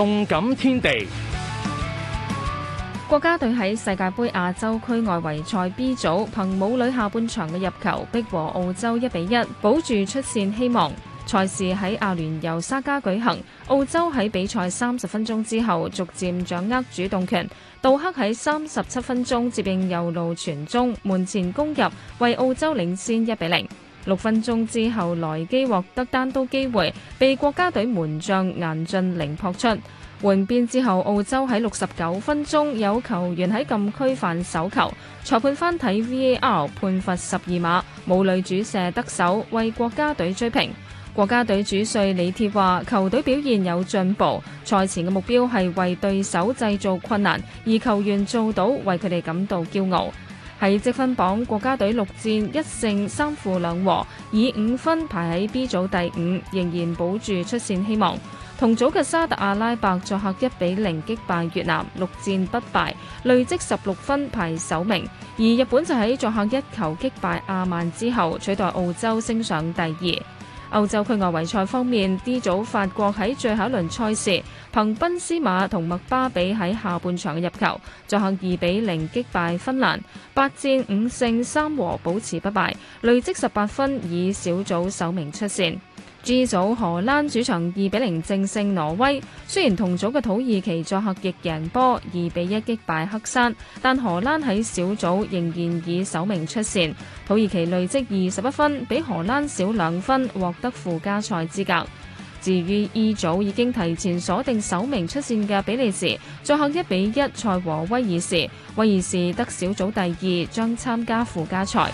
動感天地，國家隊喺世界盃亞洲區外圍賽 B 組，憑武磊下半場嘅入球，逼和澳洲一比一，保住出線希望。賽事喺阿聯酋沙加舉行，澳洲喺比賽三十分鐘之後逐漸掌握主動權，杜克喺三十七分鐘接應右路傳中，門前攻入，為澳洲領先一比零。六分鐘之後，萊基獲得單刀機會，被國家隊門將顏駿凌撲出。換邊之後，澳洲喺六十九分鐘有球員喺禁區犯手球，裁判翻睇 VAR，判罰十二碼，武磊主射得手，為國家隊追平。國家隊主帥李鐵話：球隊表現有進步，賽前嘅目標係為對手製造困難，而球員做到，為佢哋感到驕傲。喺積分榜，國家隊六戰一勝三負兩和，以五分排喺 B 組第五，仍然保住出線希望。同組嘅沙特阿拉伯作客一比零擊敗越南，六戰不敗，累積十六分排首名。而日本就喺作客一球擊敗阿曼之後，取代澳洲升上第二。歐洲區外圍賽方面，D 組法國喺最後一輪賽事，憑賓斯馬同麥巴比喺下半場嘅入球，進行二比零擊敗芬蘭，八戰五勝三和，保持不敗，累積十八分，以小組首名出線。G 組荷蘭主場二比零正勝挪威，雖然同組嘅土耳其作客亦贏波二比一擊敗黑山，但荷蘭喺小組仍然以首名出線。土耳其累積二十一分，比荷蘭少兩分，獲得附加賽資格。至於 E 組已經提前鎖定首名出線嘅比利時，作客一比一賽和威爾士，威爾士得小組第二，將參加附加賽。